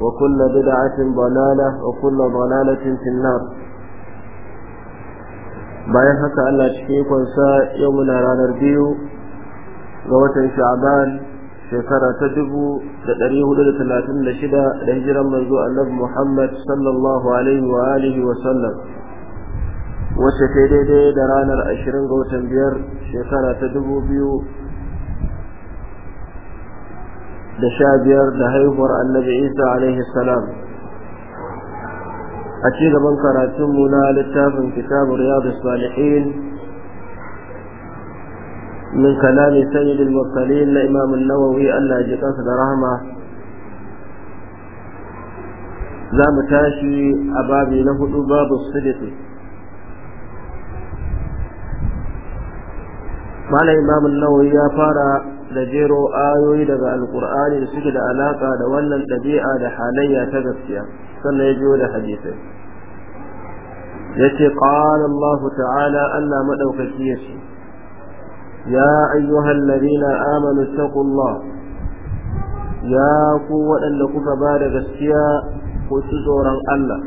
وكل بدعة ضلالة وكل ضلالة في النار bayan haka Allah cikin kwansa yau muna ranar biyu ga watan Sha'ban shekara ta dubu da ɗari hudu da talatin da shida da hijiran manzo Annabi Muhammad sallallahu alaihi wa alihi wa sallam wacce ta daidai da ranar ashirin ga watan biyar shekara ta dubu biyu da sha biyar da haihuwar annabi isa alaihi salam a ci gaban karatunmu na littafin kitabun riyadu salihin min kalami sayyidul mursalin na imamun nawawi allah ji kansa da rahama za mu tashi a babi na hudu babu sidiki malam imamun nawawi ya fara da jero ayoyi daga alkur'ani da suke da alaka da wannan ɗabi'a da halayya ta gaskiya sannan ya biyo da hadisai yace qala Allah ta'ala Allah ya yace ya ayyuhan ladina amanu taqullah ya ku waɗanda kuka ba da gaskiya ku ci tsoron Allah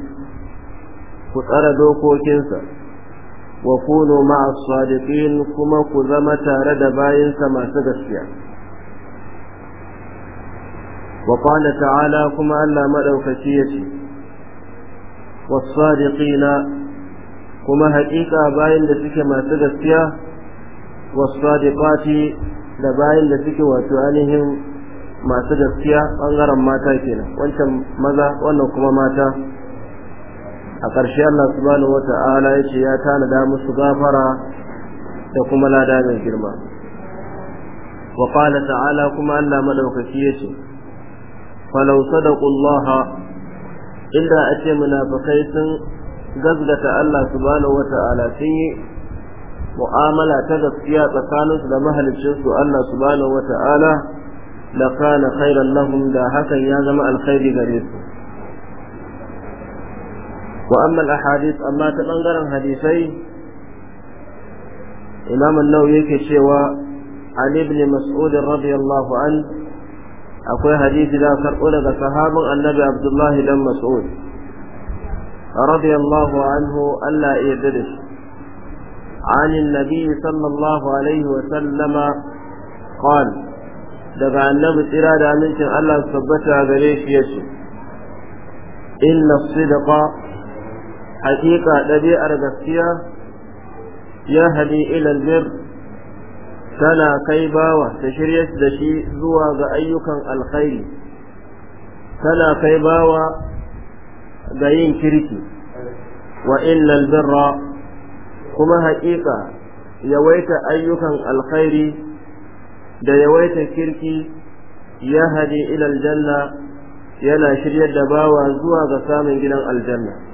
ku tsara dokokinsa wa kunu ma'a sadiqin kuma ku zama tare da bayansa masu gaskiya wa qala ta'ala kuma Allah madaukaki yace was-sadiqina kuma haƙiƙa bayan da suke masu gaskiya was-sadiqati da bayan da suke wato ainihin masu gaskiya bangaren mata kenan wancan maza wannan kuma mata a ƙarshe Allah subhanahu ya ce ya tanada musu gafara da kuma lada mai girma wa qala ta'ala kuma Allah madaukaki ya ce falau sadaqullaha inda ace munafikai sun gazgata Allah subhanahu sun yi mu'amala ta gaskiya tsakaninsu da mahaliccinsu Allah subhanahu wata'ala la kana khairan lahum da hakan ya zama alkhairi gare su وأما الأحاديث أما تبنغر حديثي إمام النووي كشوى عن ابن مسعود رضي الله عنه أقول حديث لا كرؤلة صحابا النبي عبد الله بن مسعود رضي الله عنه ألا يدرس عن النبي صلى الله عليه وسلم قال daga annabi tsira da amincin Allah su tabbata gare shi yace inna sidqa haƙiƙa ɗabi'ar gaskiya ya hadi ilal bir tana kai bawa ta shirya da shi zuwa ga ayyukan alkhairi tana kai bawa ga yin kirki wa illal birra kuma haƙiƙa yawaita ayyukan alkhairi da yawaita kirki ya hadi ilal janna yana shiryar da bawa zuwa ga samun gidan aljanna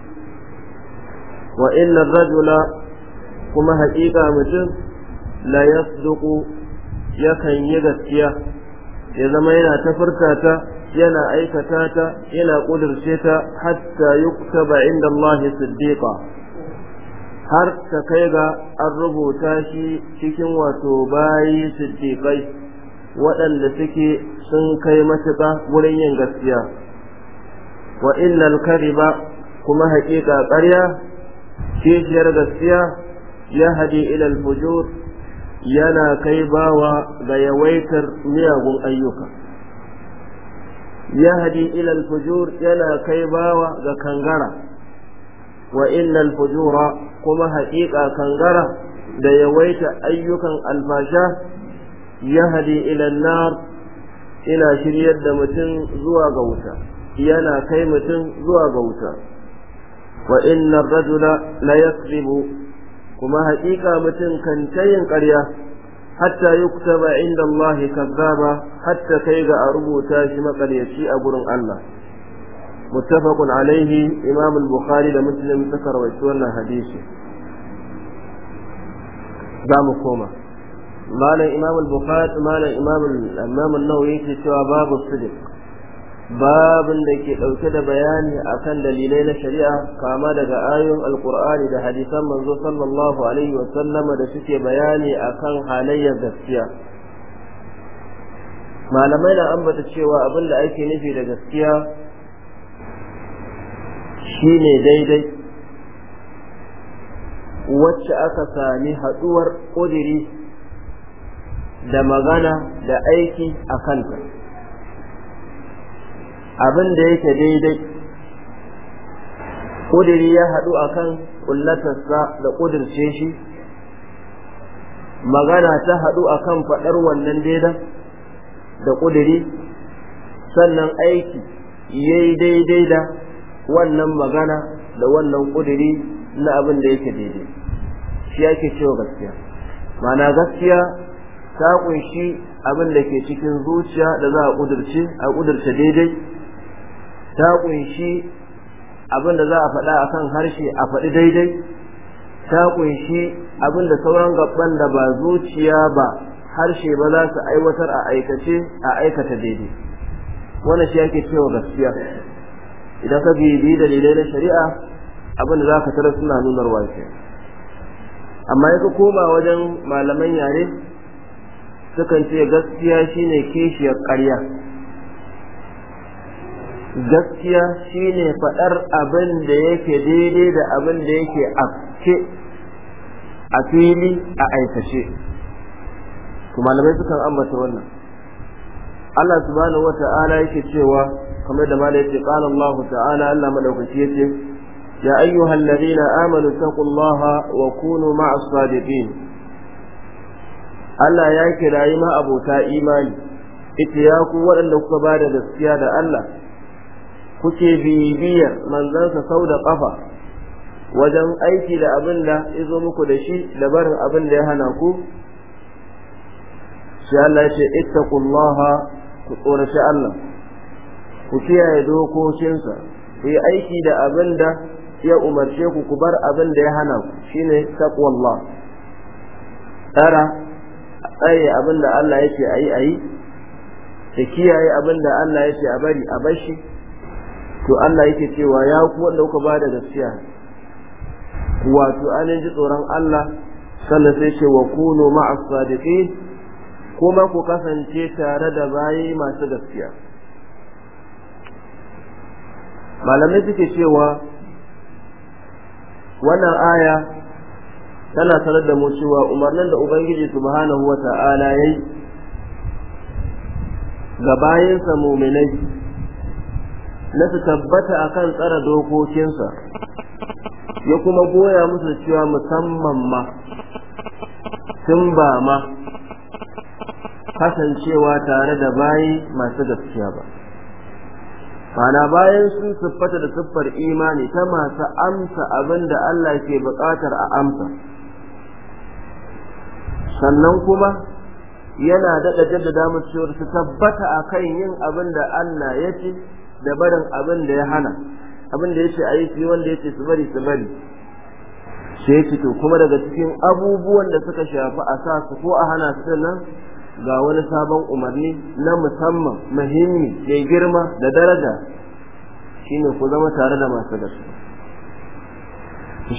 wa inna rajula kuma haƙiƙa mutum la yasduqu yakan yi gaskiya ya zama yana tafurtata, ta yana aikata ta yana ƙudurce ta hatta yuktaba inda Allah siddiqa har ta kai ga an rubuta shi cikin wato bayi siddiqai waɗanda suke sun kai matuƙa wurin yin gaskiya wa illal kariba kuma haƙiƙa ƙarya kishiyar gaskiya ya hadi ilal fujur yana kai bawa ga yawaitar miyagun ayyuka ya hadi ilal fujur yana kai bawa ga kangara wa innal fujura kuma haƙiƙa kangara da yawaita ayyukan alfasha ya hadi ilal nar ina shiryar da mutum zuwa ga wuta yana kai mutum zuwa ga wuta wa inna rajula la yakzibu kuma haƙiƙa mutum kan ta yin ƙarya hatta yuktaba inda Allah kazzaba hatta kai ga a rubuta shi maƙaryaci a gurin Allah muttafaqun alaihi imam al-bukhari da muslim suka rawaito wannan hadisi za mu koma malam imam al-bukhari malam imam al-nawawi yake cewa babu sidiq babin da ke ɗauke da bayani akan dalilai na shari'a kama daga ayoyin alkur'ani da hadisan manzo sallallahu alaihi wa sallama da suke bayani akan halayyar gaskiya malamai na ambata cewa abin da ake nufi da gaskiya shine daidai wacce aka sami haɗuwar ƙudiri da magana da aiki a kanta abin da yake daidai ƙudiri ya haɗu a kan ƙullatarsa da ƙudirce shi magana ta haɗu a kan faɗar wannan daidan da ƙudiri sannan aiki ya yi daidai da wannan magana da wannan ƙudiri na abin da yake daidai shi yake cewa gaskiya mana gaskiya ta ƙunshi abin da ke cikin zuciya da za a a ƙudirce daidai ta kunshi abin da za a faɗa a kan harshe a faɗi daidai ta kunshi abin da sauran gaban da ba zuciya ba harshe ba za su aiwatar a aikace a aikata daidai wannan shi ake cewa gaskiya idan ka bibi dalilai na shari'a abin da za ka tara suna nunar wake amma ya koma wajen malaman yare sukan ce gaskiya shine kishiyar ƙarya gaskiya shine faɗar abin da yake daidai da abin da yake afke a fili a aikace kuma malamai sukan ambata wannan Allah subhanahu wata'ala yake cewa kamar da malai yake qala Allah ta'ala Allah madaukaki yace ya ayyuhal ladina amanu taqullaha wa kunu ma'as sadiqin Allah ya kirayi ma abota imani ita ya ku waɗanda kuka ba da gaskiya da Allah kuke bibiyar manzansa sau da ƙafa wajen aiki da abin da ya zo muku da shi da barin abin da ya hana ku shi Allah ya ce ittaqullaha ku tsoraci Allah ku kiyaye dokokinsa ku yi aiki da abin da ya umarce ku ku bar abin da ya hana ku shine taqwallah tara tsaye abin da Allah yake ayi ayi da kiyaye abin da Allah yake a bari a bashi to Allah yake cewa ya ku wanda kuka ba da gaskiya wato an ji tsoron Allah sannan sai ce wa kunu ma'a sadiqin kuma ku kasance tare da bayi masu gaskiya malamai suke cewa wannan aya tana sanar da mu cewa umarnin da ubangiji subhanahu wata'ala yayi ga bayansa muminai na su tabbata a kan tsara dokokinsa ya kuma goya musu cewa musamman ma sun ba ma kasancewa tare da bayi masu gaskiya ba bana bayan sun siffata da siffar imani ta masu amsa abin da Allah ke buƙatar a amsa sannan kuma yana daɗa jaddada musu cewar su tabbata a kan yin abin da Allah ya ce da barin abin da ya hana abin da a yi shi wanda ce su bari su bari sai yace to kuma daga cikin abubuwan da suka shafi a sa su ko a hana su nan ga wani sabon umarni na musamman muhimmi mai girma da daraja shine ku zama tare da masu gaskiya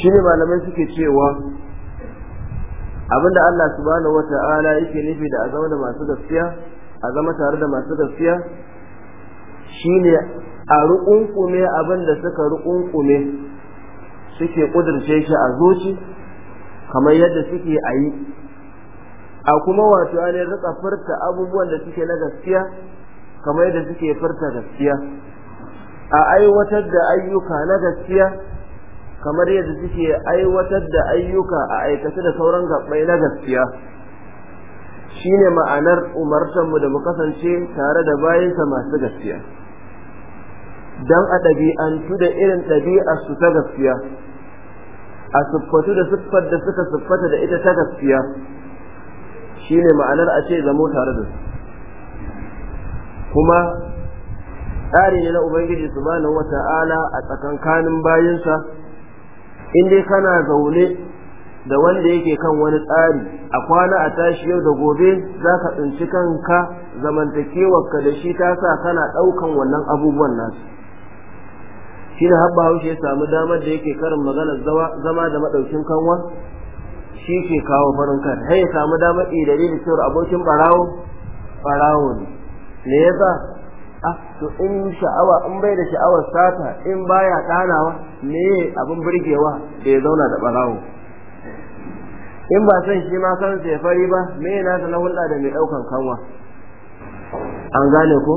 shine malamai suke cewa abinda Allah subhanahu wata'ala yake nufi da a zama da masu gaskiya a zama tare da masu gaskiya shine a rukunkume abin da suka rukunkume suke kudurce shi a zuci kamar yadda suke a yi a kuma wato ne rika furta abubuwan da suke na gaskiya kamar yadda suke furta gaskiya a aiwatar da ayyuka na gaskiya kamar yadda suke aiwatar da ayyuka a aikace da sauran gabbai na gaskiya shine ma'anar umartanmu da mu kasance tare da bayansa masu gaskiya don a ɗabi'antu da irin ɗabi'a su ta gaskiya a siffatu da siffar da suka siffata da ita ta gaskiya shine ma'anar a ce zamo tare da su kuma tsari ne na ubangiji su wata ala a tsakankanin bayinsa in dai kana zaune da wanda yake kan wani tsari a kwana a tashi yau da gobe za ka tsinci kanka zamantakewarka da shi ta sa kana ɗaukan wannan abubuwan nasu shi ne habba haushe ya samu damar da yake karin maganar zama da maɗaukin kanwa shi ke kawo farin kan har ya samu damar idare da cewar abokin ɓarawo ɓarawo ne me yasa ah to in sha'awa in bai da sha'awar sata in baya ɗanawa me abin burgewa da ya zauna da ɓarawo in ba san shi ma san ya fari ba me ya nasa na hulɗa da mai ɗaukan kanwa an gane ko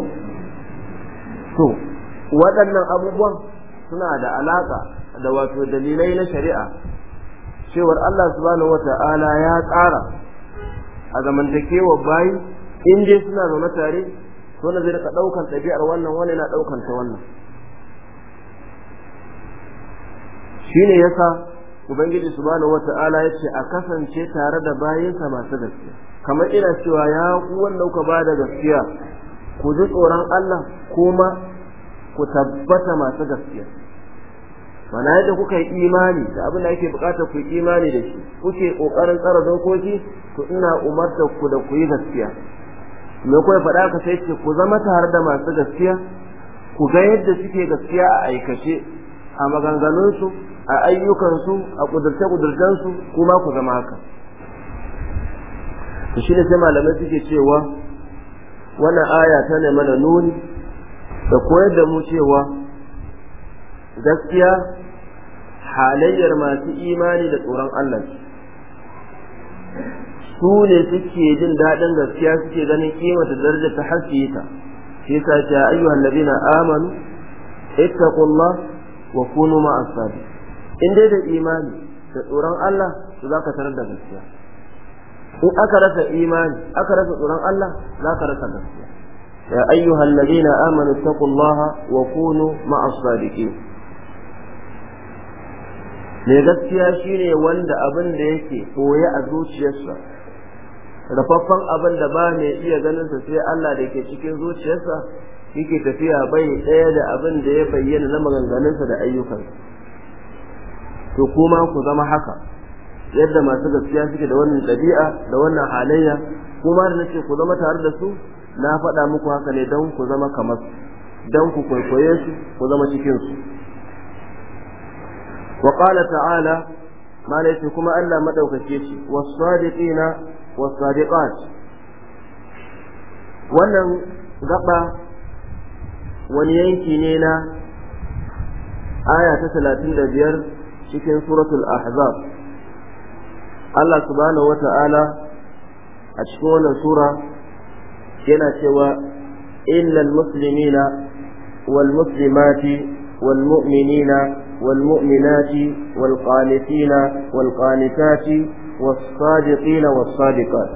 to waɗannan abubuwan suna da alaka da wato dalilai na shari'a cewar Allah subhanahu wata'ala ya tsara a wa bayi in dai suna zaune tare to na zai rika daukan ɗabi'ar wannan wani na daukan ta wannan shine yasa ubangiji subhanahu wata'ala yace a kasance tare da bayinsa masu gaskiya kamar ina cewa ya ku wanda kuka ba da gaskiya ku ji tsoron Allah kuma ku tabbata masu gaskiya mana yadda kuka yi imani da abin da ake bukata ku yi imani da shi kuke kokarin tsara dokoki to ina umarta ku da ku yi gaskiya me kuma faɗa ka sai ce ku zama tare da masu gaskiya ku ga yadda suke gaskiya a aikace a maganganunsu a ayyukansu a kudurce-kudurcensu kuma ku zama haka to shi ne sai malamai suke cewa wannan aya ta ne mana nuni da koyar da mu cewa gaskiya halayyar masu imani da tsoron Allah su ne suke jin daɗin gaskiya suke ganin da daraja ta haske ta shi yasa ta ayyuhan ladina amanu ittaqullah wa kunu ma'as sadiq in dai da imani da tsoron Allah to zaka tarar da gaskiya in aka rasa imani aka rasa tsoron Allah zaka rasa gaskiya يا أيها الذين آمنوا اتقوا الله وكونوا مع الصادقين mai gaskiya shine wanda abin da yake koya a zuciyarsa rafaffan abin da ba mai iya ganinsa sai Allah da ke cikin zuciyarsa yake tafiya bai ɗaya da abin da ya bayyana na maganganunsa da ayyukansa to kuma ku zama haka yadda masu gaskiya suke da wannan ɗabi'a da wannan halayya kuma da nace ku zama tare da su na faɗa muku haka ne don ku zama kamar don ku kwaikwaye su ku zama cikin su wa qala ta'ala kuma Allah madaukake shi was-sadiqina was-sadiqat wannan gaba wani yanki ne na aya ta talatin da biyar cikin suratul ahzab Allah subhanahu ta'ala a cikin wannan sura yana cewa illal muslimina wal muslimati wal mu'minina والمؤمنات والقانتين والقانتات والصادقين والصادقات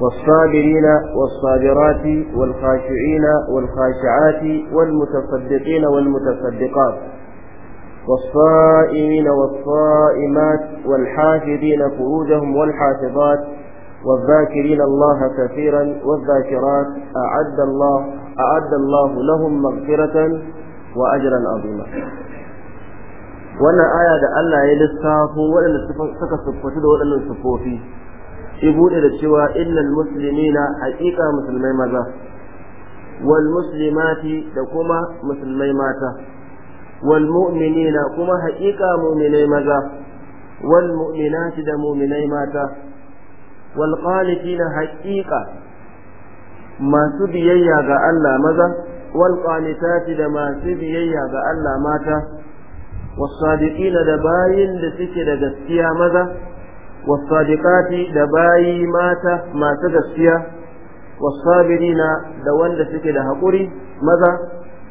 والصابرين والصابرات والخاشعين والخاشعات والمتصدقين والمتصدقات والصائمين والصائمات والحافظين فروجهم والحافظات والذاكرين الله كثيرا والذاكرات أعد الله, أعد الله لهم مغفرة وأجرا عظيما wannan aya da Allah ya lissafo waɗanda suka suffaci da waɗannan siffofi Shi buɗe da cewa illal muslimina haƙiƙa musulmai maza wal muslimati da kuma musulmai mata wal mu'minina kuma haƙiƙa mu'minai maza wal mu'minati da mu'minai mata wal qanitina haqiqa masu biyayya ga Allah maza wal qanitati da masu biyayya ga Allah mata was sadiqina da bayin da suke da gaskiya maza was sadiqati da bayi mata masu gaskiya was sabirina da wanda suke da haƙuri maza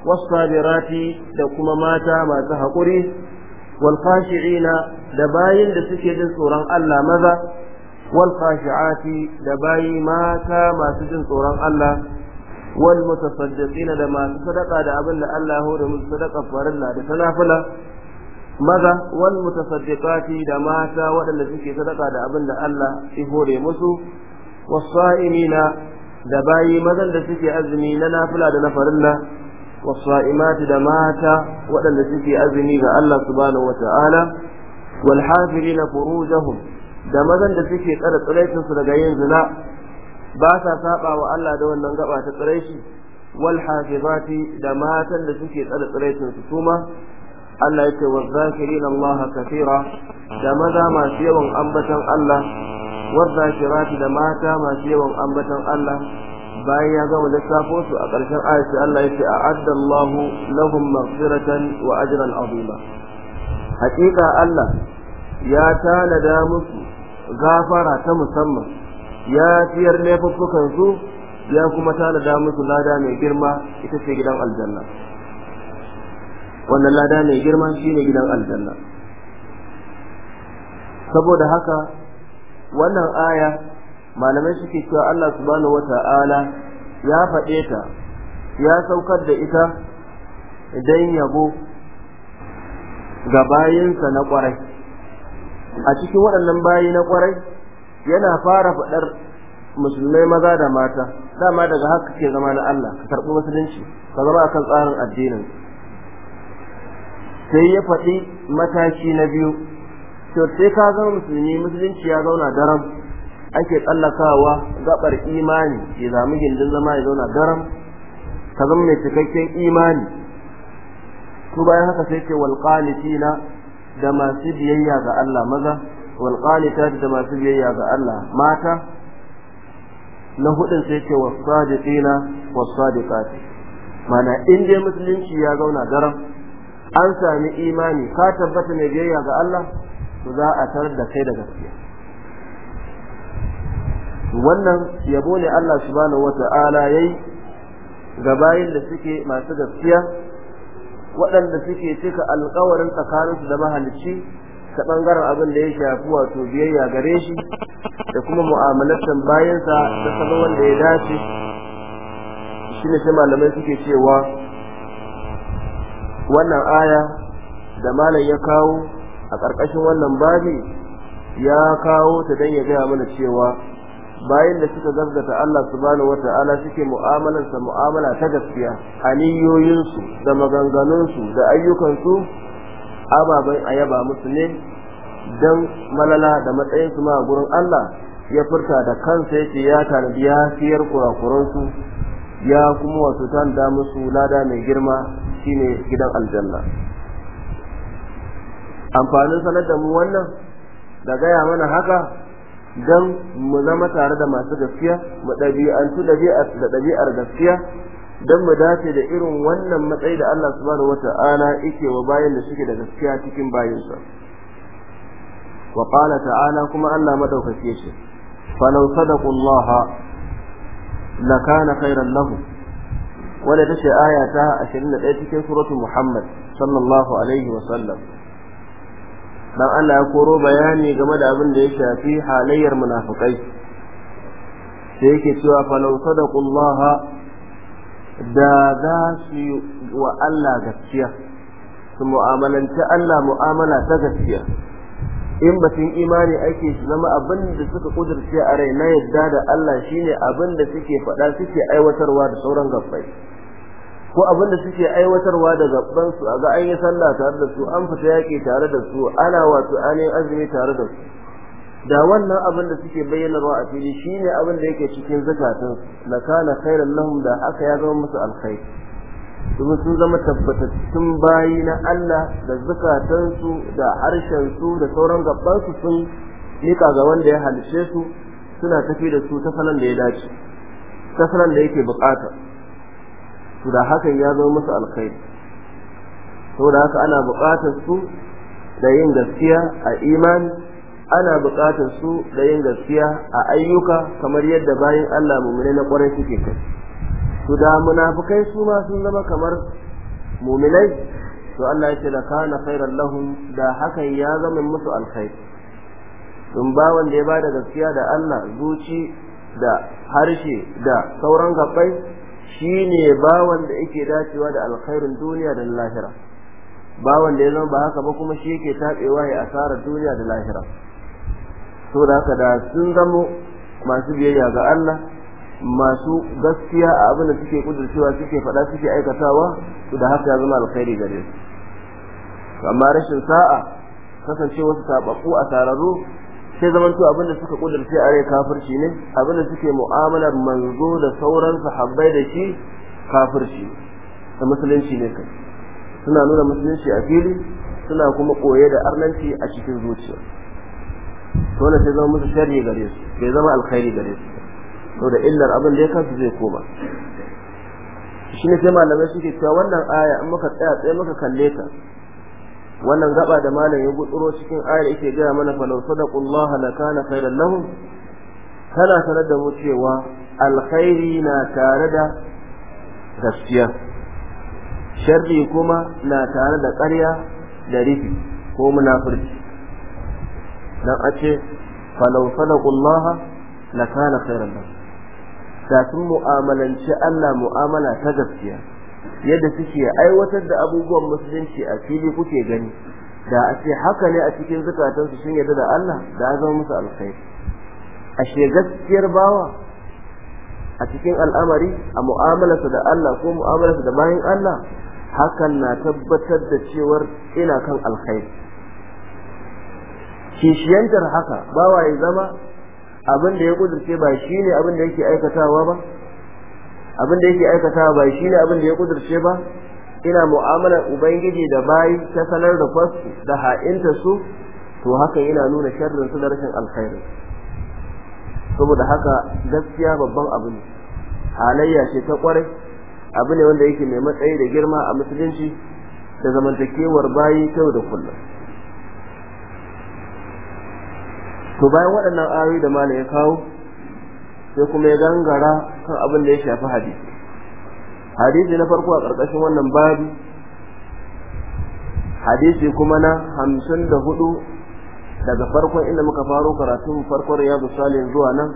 wasabirati da kuma mata masu haƙuri walfashi'ina da bayin da suke jin tsoron Allah maza wal khashi'ati da bayi mata masu jin tsoron Allah wal mutasaddiqina da masu sadaka da abin da Allah ya hore musu sadaka farilla da tanafila maza wal mutasaddiqati da mata waɗanda suke sadaka da abin da Allah ya hore musu wasa'imina da bayi mazan da suke azumi na nafila da na farilla da mata waɗanda suke azumi ga Allah subhanahu wata'ala wal da mazan da suke tsare tsiraicin su daga yin zina ba sa saba wa Allah da wannan gaba ta tsiraici wal hafizati da matan da suke tsare tsiraicin su kuma Allah ya ce wa zakirina Allah kathira da maza masu yawan ambatan Allah wa zakirati da mata masu yawan ambatan Allah bayan ya gama lissafo su a ƙarshen ayat Allah ya ce a'adda Allahu lahum maghfiratan wa ajran azima haƙiƙa Allah ya tanada musu gafara ta musamman ya fiyar laifuffukan su ya kuma tanada musu lada mai girma ita ce gidan aljanna wannan lada mai girma shine gidan aljanna saboda haka wannan aya malamai suke cewa Allah subhanahu wata'ala ya faɗe ta ya saukar da ita don yabo ga bayinsa na ƙwarai a cikin waɗannan bayi na kwarai yana fara faɗar musulmai maza da mata dama daga haka ke zama na Allah ka karɓi musulunci ka zama akan tsarin addinin sai ya faɗi mataki na biyu to sai ka zama musulmi musulunci ya zauna daram ake tsallakawa gaɓar imani ke zamu gindin zama ya zauna daram ka zama mai cikakken imani ko bayan haka sai ce walƙalifina na. da masu biyayya ga Allah maza wal qanitat da masu biyayya ga Allah mata na hudun sai ce was sadiqina was mana in dai musulunci ya zauna garan an sami imani ka tabbata mai biyayya ga Allah to za a tarar da kai da gaskiya wannan yabo ne Allah subhanahu wata'ala yayi ga bayin da suke masu gaskiya waɗanda suke cika alkawarin tsakaninsu da mahalicci ta ɓangaren abin da ya shafi wato biyayya gare shi da kuma mu'amalatan bayansa da salon wanda ya dace shi ne sai malamai suke cewa wannan aya da malam ya kawo a ƙarƙashin wannan babi ya kawo ta don ya gaya mana cewa bayan da suka gaskata Allah subhanahu wata'ala suke mu'amalarsa mu'amala ta gaskiya aniyoyin su da maganganun da ayyukansu, su a ayaba musu ne dan malala da matsayin su ma gurin Allah ya furta da kansa yake ya tanadi ya siyar kurakuran su ya kuma wasu tanda musu lada mai girma shine gidan aljanna amfanin sanar da mu wannan da gaya mana haka don mu zama tare da masu gaskiya mu ɗabi'antu da ɗabi'ar gaskiya don mu dace da irin wannan matsayi da Allah subhanahu wata'ala yake wa bayan da suke da gaskiya cikin bayansa wa qala ta'ala kuma Allah madaukake shi falau sadaqullaha lakana khayran lahu wala tashi ayata 21 cikin suratul muhammad sallallahu alaihi wa sallam dan Allah ya koro bayani game da abin da ya shafi halayyar munafikai sai yake cewa falau Allah da za su wa Allah gaskiya su mu'amalanci Allah mu'amala ta gaskiya in batun imani ake su zama abin da suka kudurce a rai na yadda da Allah shine abin da suke faɗa suke aiwatarwa da sauran gabbai ko abin da suke aiwatarwa da gaban su ga an yi sallah tare da su an fita yaƙi tare da su ana wato ainihin azumi tare da su da wannan abin da suke bayyanarwa a fili shine abin da yake cikin zakatun la kana khairan lahum da aka ya zama musu alkhair kuma sun zama tabbatattun bayi na Allah da zakatun su da harshen su da sauran gabban su sun nika ga wanda ya halishe su suna tafi da su ta sanan da ya dace ta sanan da yake bukata da hakan ya zama musu alkhairi saboda haka ana buƙatar su da yin gaskiya a imani ana buƙatar su da yin gaskiya a ayyuka kamar yadda bayan Allah mumune na ƙwarai suke kai to da munafukai su ma sun zama kamar muminai to Allah ya ce da kana khairan lahum da hakan ya zama musu alkhairi dun ba wanda ya bada gaskiya da Allah zuci da harshe da sauran gabbai Shi ne bawan da yake dacewa da alkhairin duniya da lahira bawan da ya zama ba haka ba kuma shi yake tabewa ya asara duniya da lahira to da haka da sun zamo masu biyayya ga Allah masu gaskiya a abin da suke kudurcewa suke faɗa suke aikatawa to da haka ya zama alkhairi gare su amma rashin sa'a kasance wasu tababbu a tararru sai zaman to abinda suka kudurce a rai kafirci ne abinda suke mu'amalar manzo da sauran sahabbai da shi kafirci da musulunci ne kai suna nuna musulunci a fili suna kuma koye da arnanci a cikin zuciya to ne sai zama musu sharri gare su sai zama alkhairi gare su to da illar abin da ya kasu zai koma shi ne sai malamai suke cewa wannan aya in muka tsaya tsaye muka kalle ta wannan gaba da malam ya gutsuro cikin ayar yake gaya mana fa law sadaqullaha lakana khairan lahum kana sanar da mu cewa alkhairi na tare da gaskiya sharri kuma na tare da ƙarya da rifi ko munafurci dan a ce fa law sadaqullaha lakana khairan lahum da sun mu'amalanci Allah mu'amala ta gaskiya yadda suke aiwatar da abubuwan musulunci a fili kuke gani da a ce haka ne a cikin zukatansu sun yarda da Allah da ya zama musu alkhairi she gaskiyar bawa a cikin al'amari a mu'amalarsa da Allah ko mu'amalarsa da bayan Allah hakan na tabbatar da cewar ina kan alkhairi kishiyantar haka bawa ya zama abin da ya kudurce ba shine abin da yake aikatawa ba abin da yake aikata ba shi ne abin da ya kudurce ba ina mu'amalar ubangiji da bai ta sanar da kwasu da ha'inta su to haka yana nuna sharrin su da rashin alkhairi saboda haka gaskiya babban abu ne halayya ce ta kwarai abu ne wanda yake mai matsayi da girma a musulunci da zamantakewar bayi kyau da kullum to bayan waɗannan ayoyi da malam ya kawo sai kuma ya gangara kan abin da ya shafi hadisi hadisi na farko a ƙarƙashin wannan babi hadisi kuma na hamsin da hudu daga farkon inda muka faro karatun farkon riyadu salihin zuwa nan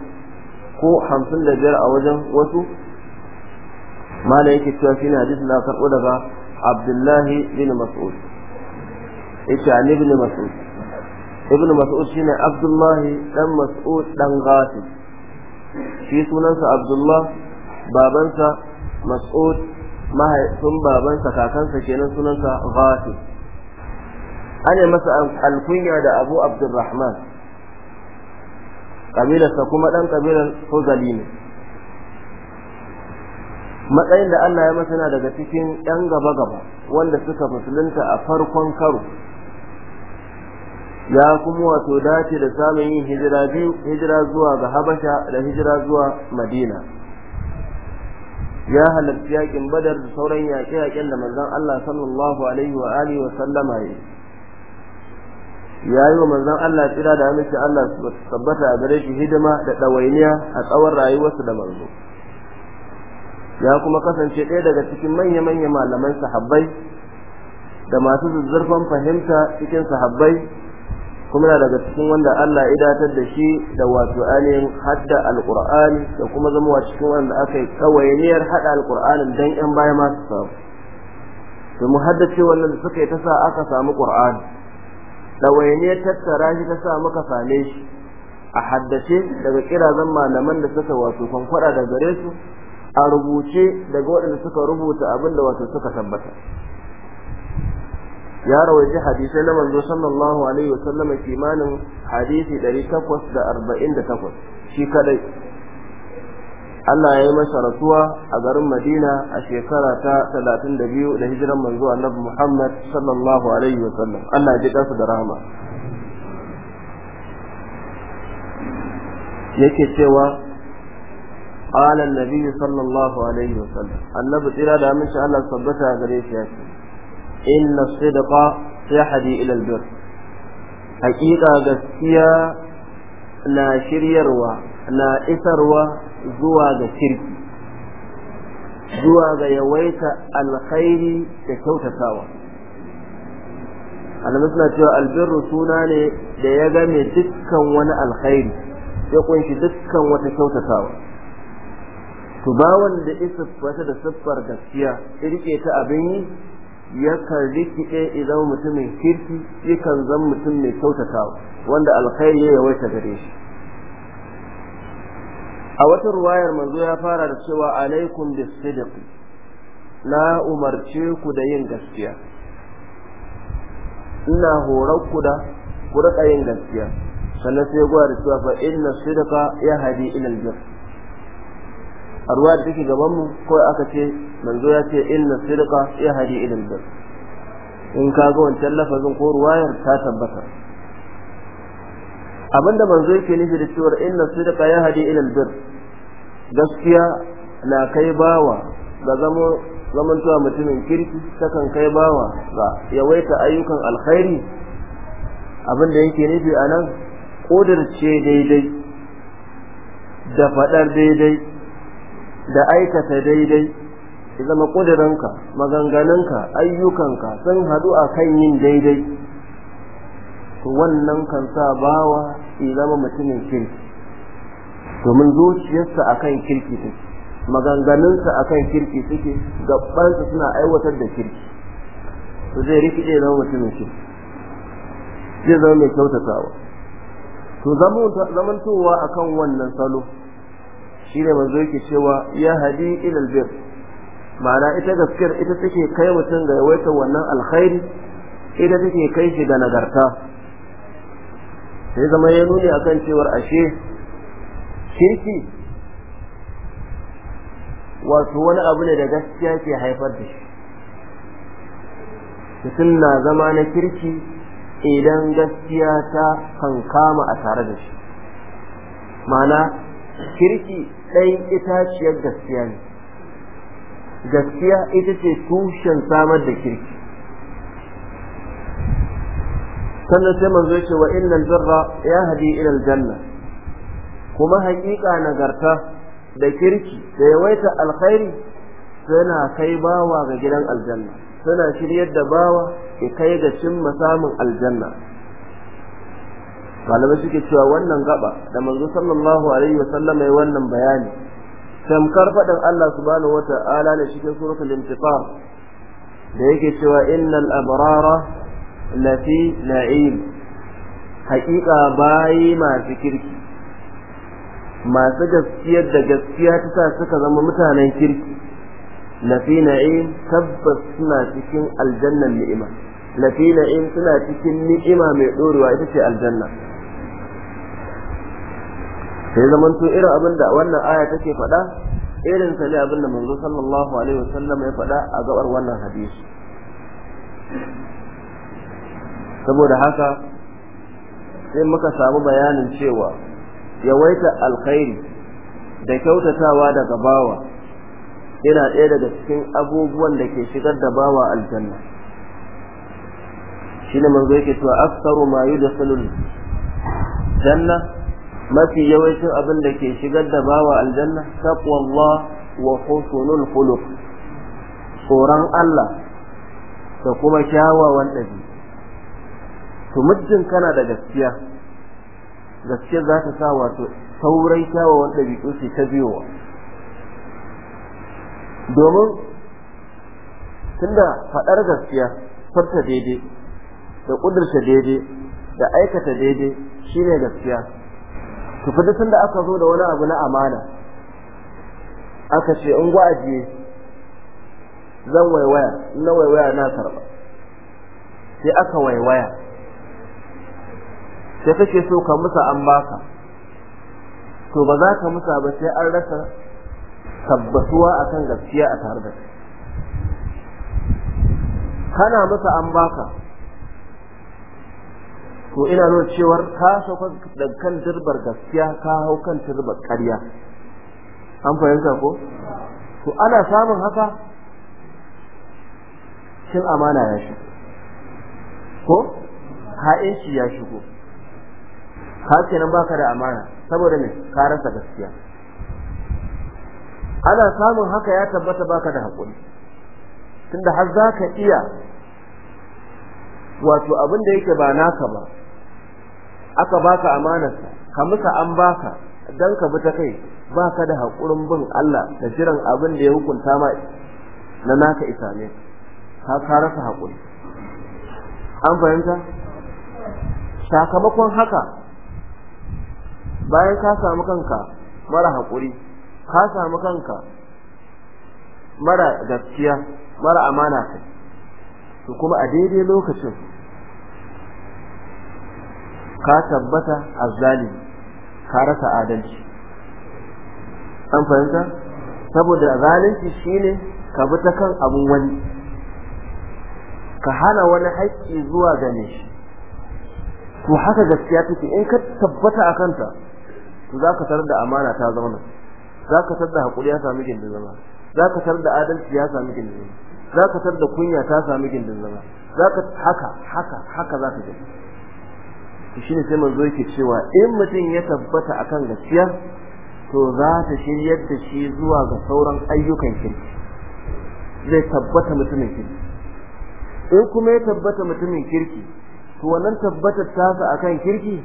ko hamsin da biyar a wajen wasu mala yake cewa shi ne hadisin da karɓo daga abdullahi bin mas'ud ita an ibn mas'ud ibn mas'ud shine abdullahi dan mas'ud dan ghafi shi sunansa abdullah babansa mas'ud mahaifin babansa kakansa kenan sunansa an yi masa alkunya da abu abdurrahman kabilarsa kuma ɗan kabilar huzali ne matsayin da Allah ya masana daga cikin yan gaba-gaba wanda suka musulunta a farkon karo ya kuma wato dace da samun yin hijira biyu hijira zuwa ga habasha da hijira zuwa madina ya halarci yakin badar da sauran yaƙe-yaƙen da manzon Allah sallallahu alaihi wa alihi wa sallama ya yi wa manzon Allah tsira da amince Allah su tabbata a gare shi hidima da ɗawainiya a tsawon rayuwarsu da manzo ya kuma kasance ɗaya daga cikin manya-manya malaman sahabbai da masu zuzzurfan fahimta cikin sahabbai kuma na daga cikin wanda Allah ya datar da shi da wato ainihin hadda alqur'ani da kuma zama cikin wanda aka yi niyyar hada alqur'anin dan yan baya ma su samu to mu haddace wannan da suka yi ta sa aka samu qur'ani dawayeniyar tattara shi ta sa muka same shi a haddace daga kirazan malaman da suka wato kwankwada da gare su a rubuce daga waɗanda suka rubuta abin da wato suka tabbata ya rawaita hadisai na manzo sallallahu alaihi wa sallam kimanin hadisi 848 shi kadai Allah ya yi masa rasuwa a garin Madina a shekara ta 32 da hijiran manzo Annabi Muhammad sallallahu alaihi wa sallam Allah ya ji kansa da rahama yake cewa qala an-nabi sallallahu alaihi wa sallam annabi tsira da aminci Allah sabbata gare shi yake inna sidqa yahdi ila albir haƙiƙa gaskiya na shiryarwa na isarwa zuwa ga shirki zuwa ga yawaita alkhairi da kyautatawa annabi suna cewa albirru suna ne da ya game dukkan wani alkhairi ya kunshi dukkan wata kyautatawa to ba wanda isa wata da siffar gaskiya ya ta abin yi yakan rikide idan mutumin kirki yakan zan mutum mai kyautatawa wanda alkhairi ya yawaita gare shi a wata ruwayar manzo ya fara da cewa alaikum bis na umarce ku da yin gaskiya ina horar ku da ku rika yin gaskiya sannan sai ya gwada cewa fa inna sidqa yahdi ila al jannah a ruwa da take gaban mu ko aka ce manzo ya ce inna sirqa ya ila al-bir in ka ga wancan lafazin ko ruwayar ta tabbata abinda manzo yake nufi da cewa inna sirqa ya ila al-bir gaskiya na kai bawa ga zamo tuwa mutumin kirki takan kai bawa ga yawaita ayyukan alkhairi abinda yake nufi anan ce daidai da faɗar daidai da aikata daidai zama ƙudurinka maganganunka ayyukanka sun hadu a kan yin daidai to wannan kan sa bawa ya zama mutumin kirki domin zuciyarsa a kan kirki take maganganunsa a kan kirki suke gabansa suna aiwatar da kirki to zai rikide zama mutumin kirki zai zama mai kyautatawa to zamantowa akan wannan salo shine manzo yake cewa ya hadi ila albir ma'ana ita gaskiyar ita take kai mutum ga yawaita wannan alkhairi ita take kai shi ga nagarta sai zama ya nuni akan cewar ashe kirki wato wani abu ne da gaskiya ke haifar da shi mutum na zama na kirki idan gaskiya ta kankama a tare da shi ma'ana kirki ɗayan itaciyar gaskiya ne gaskiya ita ce tushen samar da kirki sannan sai manzo ce wa innal birra yahdi ila aljanna kuma haƙiƙa nagarta da kirki da yawaita alkhairi suna kai bawa ga gidan aljanna suna shiryar da bawa ya kai ga cimma samun aljanna malamai suke cewa wannan gaba da manzo sallallahu alaihi wasallam yayin wannan bayani tamkar fadin Allah subhanahu wata'ala ne cikin suratul intifar da yake cewa innal abrara lafi na'im haƙiƙa bayi masu kirki masu gaskiyar da gaskiya ta sa suka zama mutanen kirki lafi na'im tabbas suna cikin aljannan ni'ima lafi na'im suna cikin ni'ima mai ɗorewa ita ce aljanna sai zaman zamanto irin abin da wannan aya take faɗa irin sai ne abin da manzo sallallahu alaihi wasallam ya faɗa a gabar wannan hadisi saboda haka sai muka samu bayanin cewa yawaita alkhairi da kyautatawa daga bawa yana ɗaya daga cikin abubuwan da ke shigar da bawa aljanna shine manzo yake cewa aksaru ma yudkhulul janna mafi yawancin abin da ke shigar da bawa aljanna taqwallah wa husnul khuluq tsoron Allah da kuma kyawawan ɗabi to muddin kana da gaskiya gaskiya za ta sa wato saurai kyawawan ɗabi'u ce ta biyo domin tunda faɗar gaskiya farta daidai da ƙudurta daidai da aikata daidai shine gaskiya to fa duk da aka zo da wani abu na amana aka ce in gwa ajiye zan waiwaya na waiwaya na karba sai aka waiwaya sai kake so ka musa an baka to ba za ka musa ba sai an rasa tabbatuwa akan gaskiya a tare da kana musa an baka to ina nuna cewar ka sauka da kan turbar gaskiya ka hau kan turbar ƙarya an fahimta ko to ana samun haka cin amana ya shigo ko ha'in shi ya shigo ka nan baka da amana saboda me ka rasa gaskiya ana samun haka ya tabbata baka da haƙuri tunda har za ka iya wato abin da yake ba naka ba aka baka amanarsa ka musa an baka dan ka bi ta kai baka da haƙurin bin Allah da jiran abin da ya hukunta ma na naka isame ka ka haƙuri an fahimta sakamakon haka bayan ka samu kanka mara haƙuri ka samu kanka mara gaskiya mara amana kai to kuma a daidai lokacin ka tabbata azzalimi ka rasa adalci an fahimta saboda zalunci shine ka bi ta kan abun wani ka hana wani haƙƙi zuwa gane shi to haka gaskiya take in ka tabbata a kanta to za ka tar da amana ta zauna za ka tar da haƙuri ya sami gindin zama za ka tar da adalci ya sami gindin zama za ka tar da kunya ta sami gindin zama za ka haka haka haka za ka gindin to shine sai manzo yake cewa in mutum ya tabbata akan gaskiya to za ta shiryar da shi zuwa ga sauran ayyukan kirki zai tabbata mutumin kirki in kuma ya tabbata mutumin kirki to wannan tabbatar tasa akan kirki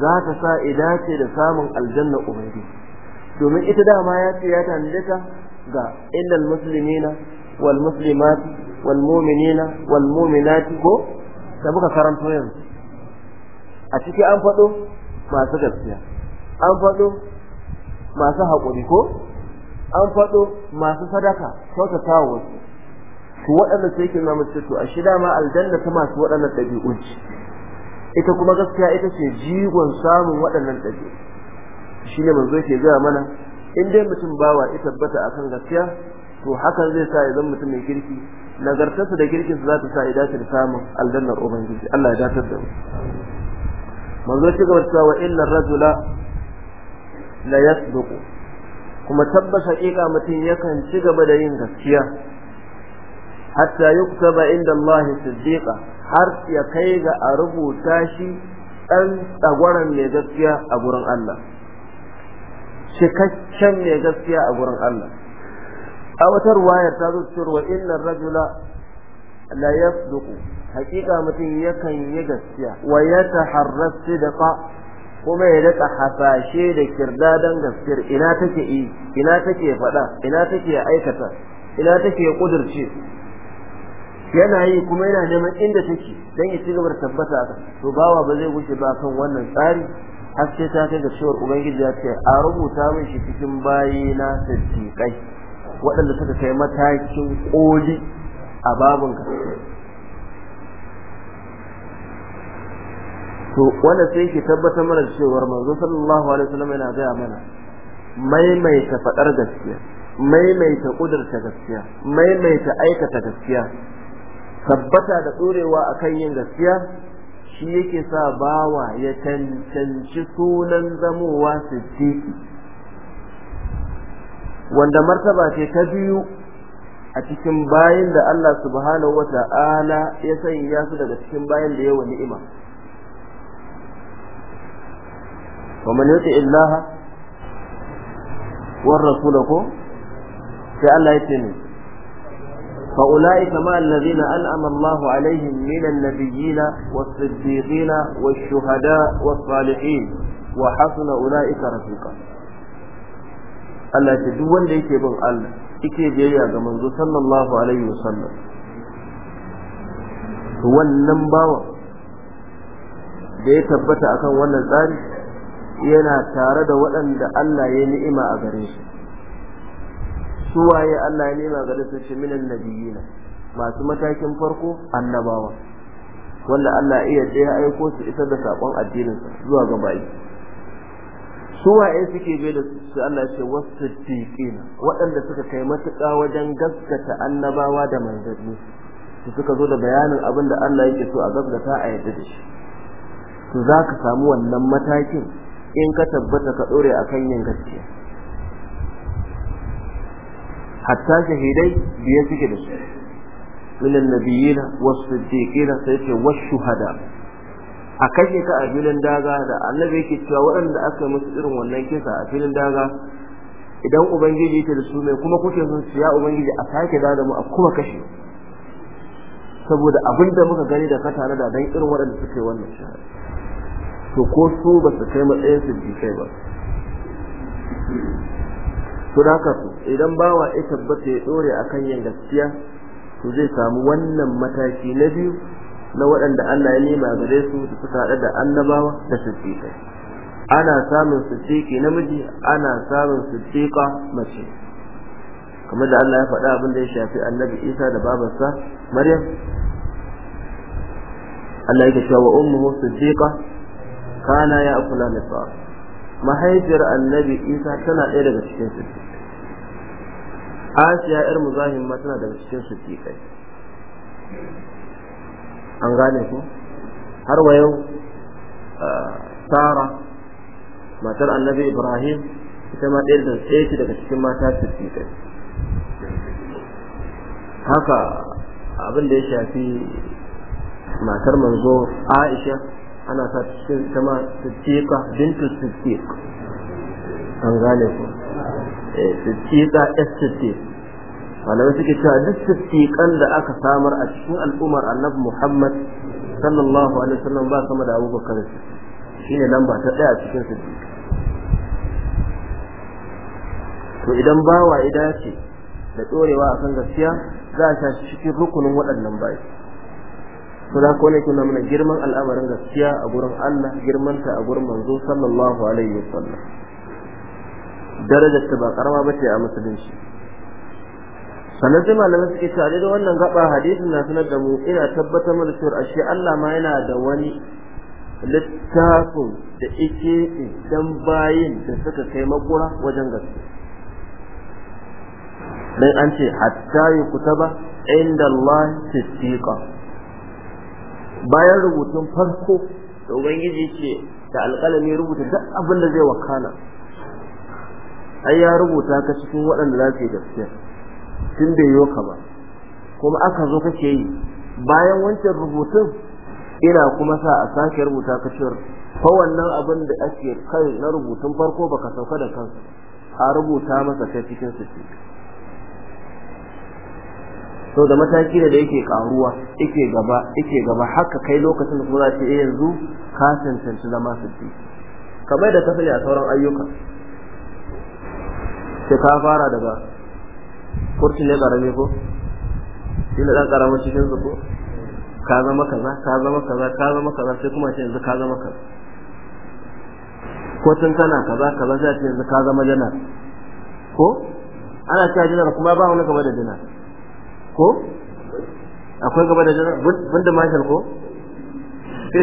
za ta sa idace da samun aljanna ubangi domin ita dama ya ce ya tanade ga innal muslimina wal muslimat wal mu'minina wal mu'minati ko da muka karanto yanzu a ciki an faɗo masu gaskiya an faɗo masu haƙuri ko an faɗo masu sadaka kyautata wa wasu to waɗanda sai ke namu ce to a shi dama aljanna ta masu waɗannan ɗabi'un ce ita kuma gaskiya ita ce jigon samun waɗannan ɗabi'u shi ne manzo yake gaya mana in dai mutum bawa ita tabbata akan gaskiya to hakan zai sa ya zan mutum mai kirki nagartarsa da kirkinsa za ta sa ya dace da samun aljannar ubangiji Allah ya dace da mu manzo shi gaba cewa wa innar rajula la yasduqu kuma tabbas haƙiƙa mutum yakan ci gaba da yin gaskiya hatta yuktaba inda Allah siddiqa har ya kai ga a rubuta shi dan tsagwaran mai gaskiya a gurin Allah cikakken mai gaskiya a gurin Allah a wata ruwayar ta zo cewa innar rajula la yasduqu hakika mutum yakan yi gaskiya wa ya taharras sidqa kuma ya daka hasashe da kirdadan gaskiyar ina take yi ina take faɗa ina take aikata ina take kudurce yana yi kuma yana neman inda take dan ya ci gaba da tabbata haka to bawa ba zai wuce ba kan wannan tsari har sai ta kai ga cewar ubangiji ya ce a rubuta min shi cikin bayina na waɗanda suka kai matakin ƙoli a babun to wanda sai ke tabbatar mana cewa manzo sallallahu alaihi wasallam yana gaya mana maimaita fadar gaskiya maimaita kudurta gaskiya maimaita aikata gaskiya tabbata da durewa akan yin gaskiya shi yake sa bawa ya cancanci sunan zamowa siddiqi wanda martaba ce ta biyu a cikin bayan da Allah subhanahu wata'ala ya sanya su daga cikin bayan da yawa ni'ima ومن يطع الله والرسول كو sai Allah ya ce ne fa ulaika ma alladhina an'ama Allah alaihim min an-nabiyyin was-siddiqin wash-shuhada was-salihin wa hasuna ulaika rafiqa Allah ce duk wanda yake bin Allah yake biyayya ga manzo sallallahu alaihi wannan bawa da ya tabbata akan wannan tsari yana tare da waɗanda Allah ya ni'ima a gare shi su waye Allah ya ni'ima a gare su shi minan nabiyina masu matakin farko annabawa wanda Allah iya da ya aiko su isar da sakon addinin sa zuwa ga bayi su waye suke bai da su Allah ce wasiddiqina waɗanda suka kai matuƙa wajen gaskata annabawa da manzanni su suka zo da bayanin abin da Allah yake so a gaskata a yadda da shi to zaka samu wannan matakin in ka tabbata ka dore akan yin gaskiya hatta shahidai biye suke da su min annabiyina was-siddiqina sai ce wash-shuhada a kashe ka a filin daga da annabi yake cewa waɗanda aka musu irin wannan kisa a filin daga idan ubangiji yake da su mai kuma kuke son su ya ubangiji a sake da mu a kuma kashe saboda abinda muka gani da ka tare da dan irin waɗanda suke wannan shahada to ko su ba su kai matsayin siddiƙai ba su da haka idan bawa ya tabbata ya dore kan yin gaskiya to zai samu wannan mataki na biyu na waɗanda Allah ya nema gare su da suka haɗa da annabawa da siddiƙai ana samun su ciki namiji ana samun su siddiƙa mace kamar da Allah ya faɗa abin da ya shafi annabi Isa da babarsa Maryam Allah ya ce wa ummuhu siddiqa kana ya kula akula nisa mahaifiyar annabi isa tana ɗaya daga cikin su asiya yar muzahim ma tana daga cikin su kai an gane ku har wa yau sara matar annabi ibrahim ita ma ɗaya daga ɗaya daga cikin mata su kai haka abin da ya shafi matar manzo aisha ana sa cikin tama siddiqa bintu siddiq an gane ku eh, siddiqa es siddiq malamai suke cewa duk siddiqan da aka samar a cikin al'ummar annabi muhammad sallallahu alaihi wasallam ba sama da abubakar ne lamba ta ɗaya a cikin siddiq to idan bawa ya dace da dorewa akan gaskiya za a sha cikin rukunin waɗannan bayi to da ko ne kuna mana girman al'amarin gaskiya a gurin Allah girmanta a gurin manzo sallallahu alaihi wasallam darajar ta ba karama bace a musulunci Sannan sai malamai suke tare da wannan gaba hadisin na sanar da mu ina tabbatar mana cewa ashe Allah ma yana da wani littafin da yake dan bayin da suka kai makura wajen gaskiya dan an ce hatta kutaba inda Allah tisdiqa bayan rubutun farko da ubangiji ce da alƙalami rubuta duk abin da zai wakana ai ya rubuta ka cikin waɗanda za su yi gaskiya tun bai yi ka ba kuma aka zo kake yi bayan wancan rubutun ina kuma sa a sake rubuta ka cewar fa wannan abin da ake kai na rubutun farko baka sauka da kansa a rubuta masa kai cikin su sau da mataki da yake karuwa yake gaba yake gaba haka kai lokacin da kuma ce yanzu ka cancanci zama sirri kamar da tafiya a sauran ayyuka sai ka fara daga kurcin ne karami ko shi ne dan karamin cikin ko ka zama kaza ka zama kaza ka zama kaza sai kuma ce yanzu ka zama kaza ko tun kana kaza kaza sai ce yanzu ka zama jana ko ana cewa janar kuma ba wani kamar da janar ko akwai gaba da janar bunda mashal ko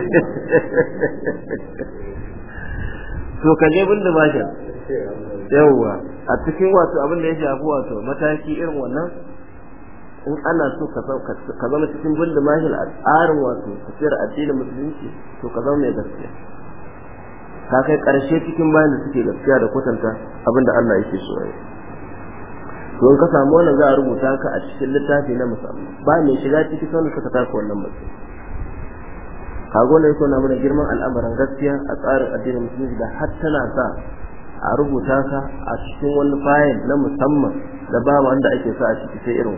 to ka je bunda mashal yawwa a cikin wato abin da ya shafi wato mataki irin wannan in ana so ka zama cikin banda mashal a tsarin wato tafiyar addinin musulunci to ka zama mai gaskiya ka kai karshe cikin bayan da suke gaskiya da kwatanta abin da Allah yake so ya don ka samu wannan za a rubuta ka a cikin littafi na musamman ba mai shiga ciki sun suka taka wannan mace. kago ne ko na mana girman al'amuran gaskiya a tsarin addinin musulunci da har tana sa a rubuta ka a cikin wani fayil na musamman da ba wanda ake sa a ciki sai irin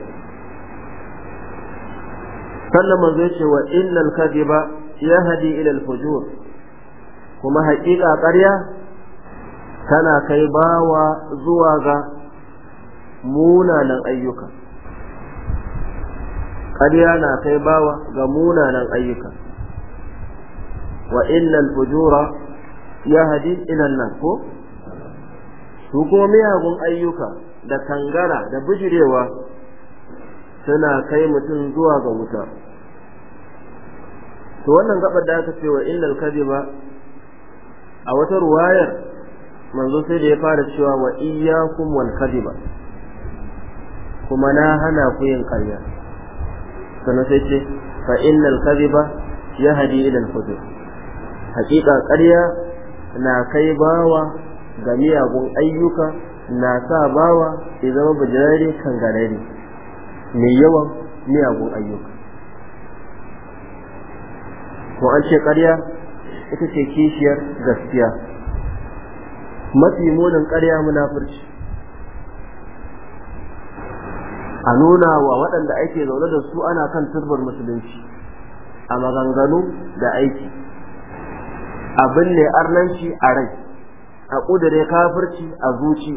sannan manzo ya ce wa innal kadiba yahdi ila al-fujur kuma haƙiƙa ƙarya tana kai bawa zuwa ga munanan ayyuka ƙarya na kai bawa ga munanan ayyuka wa innal fujura hadi ila nan ko su kuma miyagun ayyuka da kangara da bijirewa suna kai mutum zuwa ga wuta to wannan gabar da aka ce wa illal kadiba a wata ruwayar manzo sai da ya fara cewa wa iyyakum wal kadiba kuma na hana ku yin ƙarya sannan sai ce fa innal kadhiba yahdi ila al-fujur haƙiƙa ƙarya na kai bawa ga miyagun ayyuka na sa bawa ya zama bujare kan garare mai yawan miyagun ayyuka ko an ce ƙarya ita ce kishiyar gaskiya mafi munin ƙarya munafurci a nuna wa waɗanda ake zaune da su ana kan turbar musulunci a maganganu da aiki abin ne arnanci a rai a ƙudure kafirci a zuci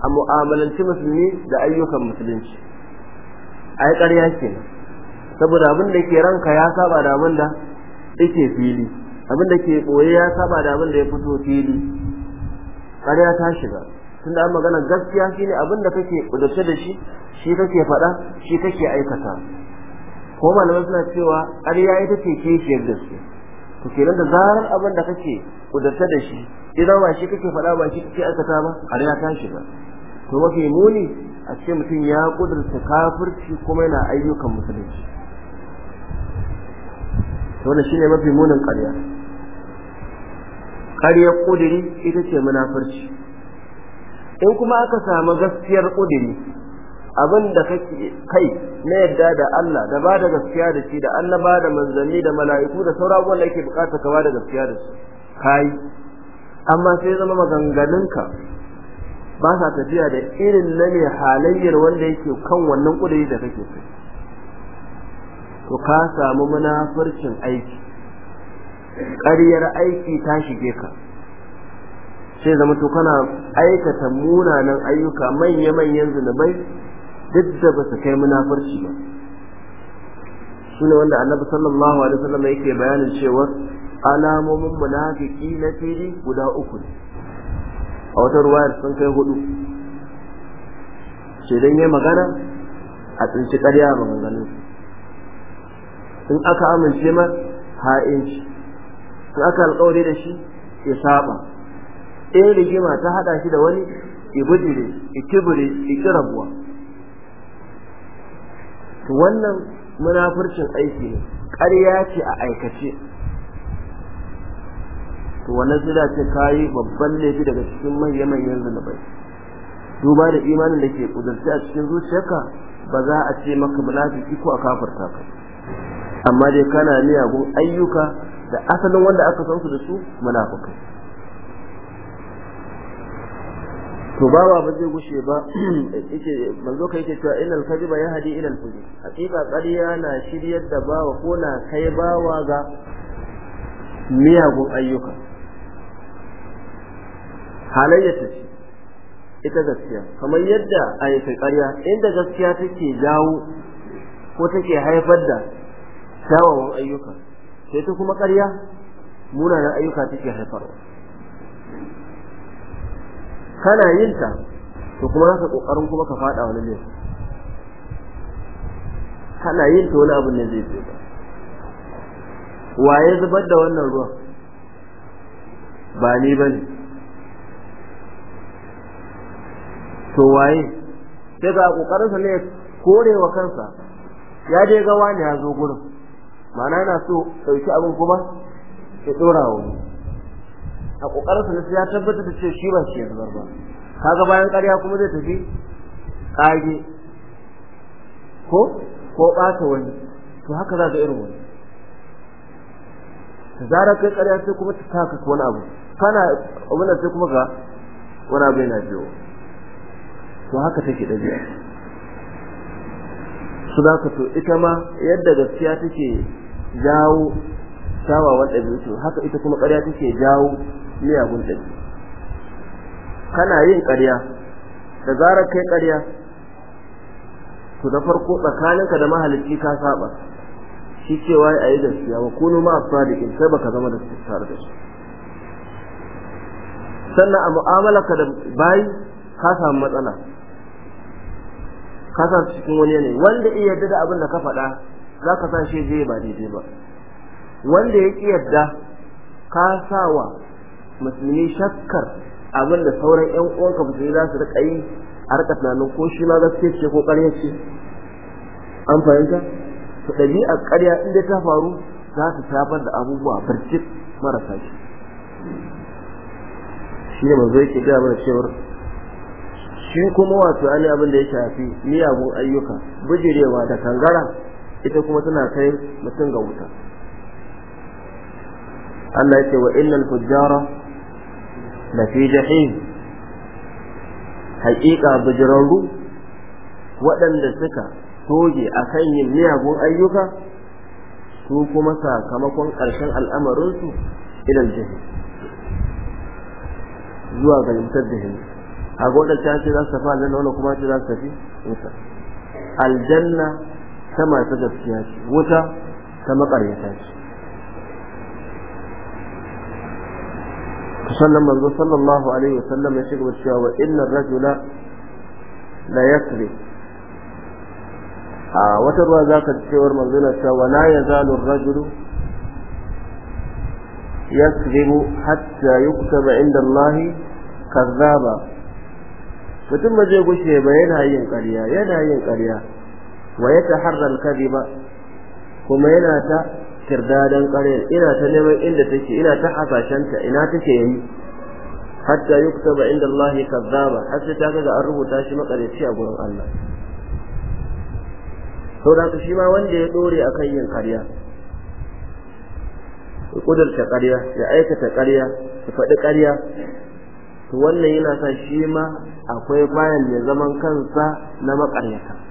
a mu'amalanci musulmi da ayyukan musulunci yi ƙarya ke saboda abin da ke ranka ya saba da abin da yake fili abin da ke ɓoye ya saba da abin da ya fito fili ƙarya ta shiga tunda an magana gaskiya shine abin da kake kudurce da shi shi kake faɗa shi kake aikata ko malamai suna cewa ƙarya ita ce kishiyar gaskiya to kenan da zarar abin da kake kudurce da shi idan ba shi kake faɗa ba shi kake aikata ba ƙarya ta shiga to mafi muni a ce mutum ya kudurta kafirci kuma yana ayyukan musulunci to wannan shine mafi munin ƙarya ƙaryar ƙuduri ita ce munafurci in kuma aka samu gaskiyar ƙudiri abin da kai na yadda da Allah da ba da gaskiya da shi da Allah ba da manzanni da mala'iku da sauran abubuwan da yake bukata ka ba da gaskiya da su kai amma sai zama maganganunka ba sa tafiya da irin na mai halayyar wanda yake kan wannan kudiri da kake kai, to ka samu munafurcin aiki ƙaryar aiki ta shige ka sai zama to kana aikata munanan ayyuka manya-manyan zunubai duk da ba su kai munafurci ba shi ne wanda annabi sallallahu alaihi wasallam yake bayanin cewa alamomin munafiki na fili guda uku ne a wata ruwayar sun kai hudu sai dan yi magana a tsinci ƙarya ba maganganun in aka amince ma ha'inci in aka alƙawari da shi ya saba Ɗaya rigima ta hada shi da wani ibudire ikibure ikirabwa to wannan munafurcin aiki ne ƙarya ce a aikace to wannan zira ce kai babban laifi daga cikin manyan manyan zunubai duba da imanin da ke kudurci a cikin zuciyarka ba za a ce maka munafiki ko a kafarta ka amma dai kana miyagun ayyuka da asalin wanda aka san su da su munafikai to bawa ba zai gushe ba yake manzo kai yake cewa innal kadiba yahdi ila al-fujur hakika ƙarya na shiryar da bawa ko na kai bawa ga miyagun ayyuka halayya ta ce ita gaskiya kamar yadda a yafi ƙarya inda gaskiya take jawo ko take haifar da kyawawan ayyuka sai ta kuma ƙarya munanan ayyuka take haifarwa kana yin ta to kuma za ka kokarin kuma ka fada wani ne kana yin ta wani abu ne zai ce Wa ya zubar da wannan ruwan ba ni ba ne to waye sai ga sa ne kore wa kansa ya je ga wani ya zo gurin ma'ana yana so ɗauki abin kuma ya ɗora wa wani a kokarin sa sai ya tabbatar da cewa shi ba shi ya ba kaga bayan ƙarya kuma zai tafi kage ko ko ɓata wani to haka za ga irin wani zara kai ƙarya sai kuma ta taka wani abu kana abin sai kuma ga wani abu yana jiwo to haka take ɗabi'a su za ka to ita ma yadda gaskiya take jawo kyawawan ɗabi'u haka ita kuma ƙarya take jawo miyagun ɗabi kana yin ƙarya da zarar kai ƙarya to da farko tsakaninka da mahalicci ka saba shi cewa a yi gaskiya wa kunu ma sadiqin sai baka zama da tare da shi sannan a ka da bayi ka samu matsala ka sa cikin wani yanayi wanda iya yarda da abin da ka faɗa za ka sa shi zai ba daidai ba wanda ya ƙi yarda ka sawa. musulmi shakkar abin da sauran ƴan uwanka musulmi za su riƙa yi a riƙa tunanin ko shi ma gaskiya ce ko ƙarya ce an fahimta su ɗabi'a ƙarya inda ta faru za su tabar da abubuwa barcik marasa shi shi ne manzo yake gaya mana cewar shi kuma wato an abin da ya shafi miyagun ayyuka bujirewa da kangara ita kuma tana kai mutum ga wuta Allah ce wa innal fujjara da fi jahim haƙiƙa bujirarru waɗanda suka toge a kan yin miyagun ayyuka su kuma sakamakon ƙarshen al'amarinsu idan jihi zuwa ga yamsar jahim a waɗanda ce za su tafi aljanna wani kuma ce za su tafi wuta aljanna ta masu gaskiya ce wuta ta maƙaryata ce sannan manzo sallallahu alaihi wa sallam ya shiga cewa wa inna rajula la yakri a wata ruwa za ji cewar manzo na cewa la yazalu ar-rajulu yakzibu hatta yuktaba inda Allah kazzaba mutum ba zai gushe ba yana yin ƙarya yana yin ƙarya wa yataharra al-kadhiba kuma yana ta kirdadan qarin ina ta neman inda take ina ta hasashenta ina take yi, hatta yuktaba inda Allah kazzaba har sai ta ga an rubuta shi makarici a gurin Allah saboda shi ma wanda ya dore akan yin ƙarya ya kudurta ƙarya ya aikata ƙarya ya faɗi ƙarya to wannan yana sa shi ma akwai bayan ya zaman kansa na maƙaryata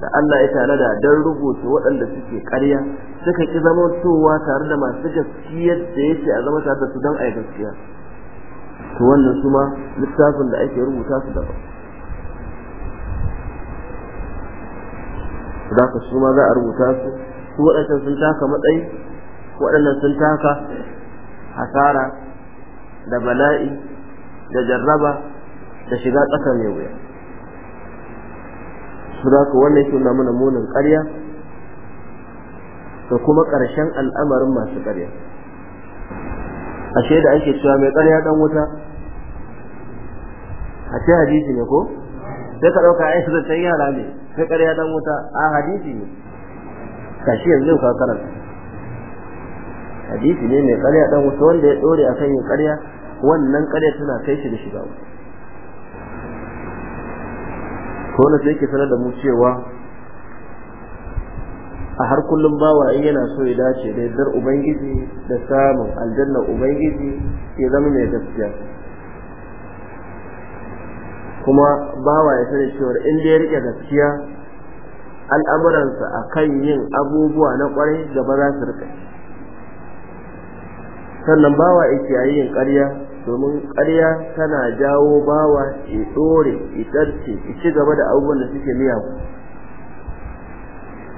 da Allah ya da dan rubuta waɗanda suke ƙarya suka ki zama towa tare da masu gaskiyar da yake a zama tare da su don a yi gaskiya to wannan su ma littafin da ake rubuta su daban da ka su ma za a rubuta su su waɗancan sun taka matsayi waɗannan sun taka hasara da bala'i da jarraba da shiga tsakar mai wuya su ka wannan yake nuna mana munin ƙarya da kuma ƙarshen al'amarin masu ƙarya ashe da ake cewa mai ƙarya dan wuta a ce hadisi ne ko sai ka ɗauka ai da can yara ne sai ƙarya dan wuta a hadisi ne Ka shi yanzu ka karanta hadisi ne mai ƙarya dan wuta wanda ya ɗore akan yin ƙarya wannan ƙarya tana kai shi da shiga wuta kona wanda sai yake sanar da mu cewa a har kullum bawa in yana so ya dace da yardar ubangiji da samun aljanna ubangiji ya zama mai gaskiya kuma bawa ya sani cewa in da ya rike gaskiya al'amuransa a kan yin abubuwa na kwarai gaba za su rika sannan bawa ya kiyaye yin karya domin ƙarya tana jawo bawa ya tsore ya ƙarce ya ci gaba da abubuwan da suke miyagu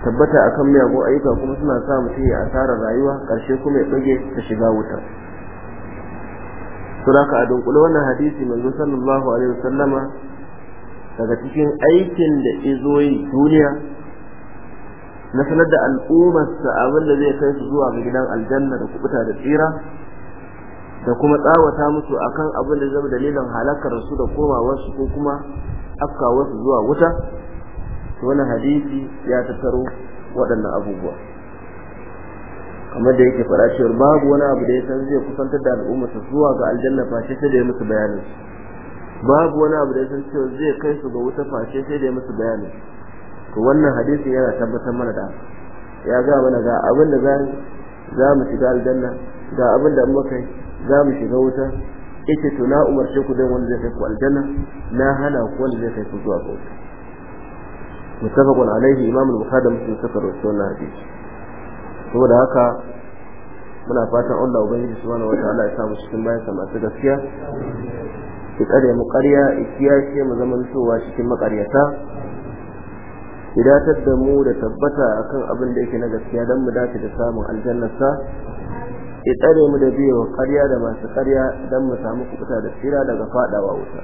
tabbata akan miyagu ayyuka kuma suna sa mutum ya asarar rayuwa ƙarshe kuma ya ɗage ta shiga wuta suraka a dunkule wannan hadisi manzo sallallahu alaihi wasallama daga cikin aikin da izo duniya na sanar da al'ummarsa abin da zai kai su zuwa ga gidan aljanna da kubuta da tsira da kuma tsawata musu akan abin da zama dalilin halakar su da komawarsu ko kuma su zuwa wuta wani hadisi ya tattaro waɗannan abubuwa kamar da yake faɗa cewa babu wani abu da ya san zai kusantar da al'ummarsa zuwa ga aljanna face sai da ya musu bayanin babu wani abu da ya san cewa zai kai su ga wuta face sai da ya musu bayanin to wannan hadisi yana tabbatar mana da ya ga mana ga abin da za mu shiga aljanna ga abin da muka yi za mu shiga wuta yake to na umarce ku dan wanda zai kai ku aljanna na hana ku wanda zai kai ku zuwa ga wuta muttafaqun alaihi imam al-bukhari da saka suka wannan hadisi saboda haka muna fatan Allah ubangiji subhanahu ta'ala ya sa mu cikin bayan sa masu gaskiya ki kare mu ƙarya ce mu zaman towa cikin maƙaryata idatar da mu da tabbata akan abin da yake na gaskiya dan mu dace da samun aljannarsa ya tsare mu da biyo ƙarya da masu ƙarya don mu samu kuɓuta da tsira daga faɗawa wuta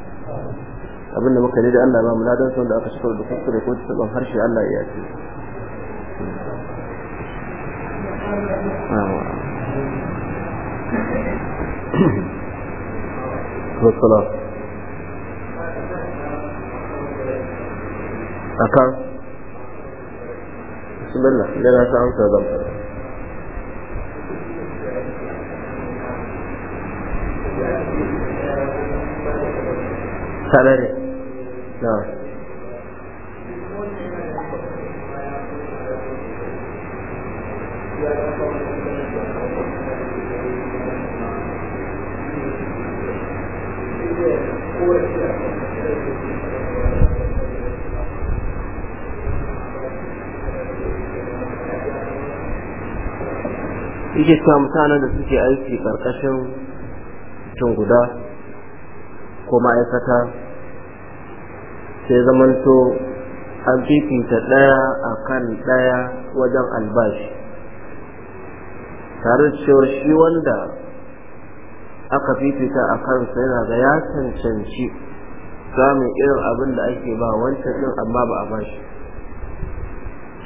abin da muka da Allah ba mu ladan son da aka shigar da kuskure ko tsaban harshe Allah ya ce Akan. Bismillah, idan na amsa zan fara. salari na yake cewa mutanen da suke aiki karkashin mutum guda ko ma'aikata sai zamanto an fifita ɗaya a kan ɗaya wajen albashi tare da cewar shi wanda aka fifita a kansa yana ga ya cancanci samun irin abin da ake ba wancan ɗin amma ba a bashi